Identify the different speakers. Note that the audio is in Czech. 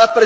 Speaker 1: la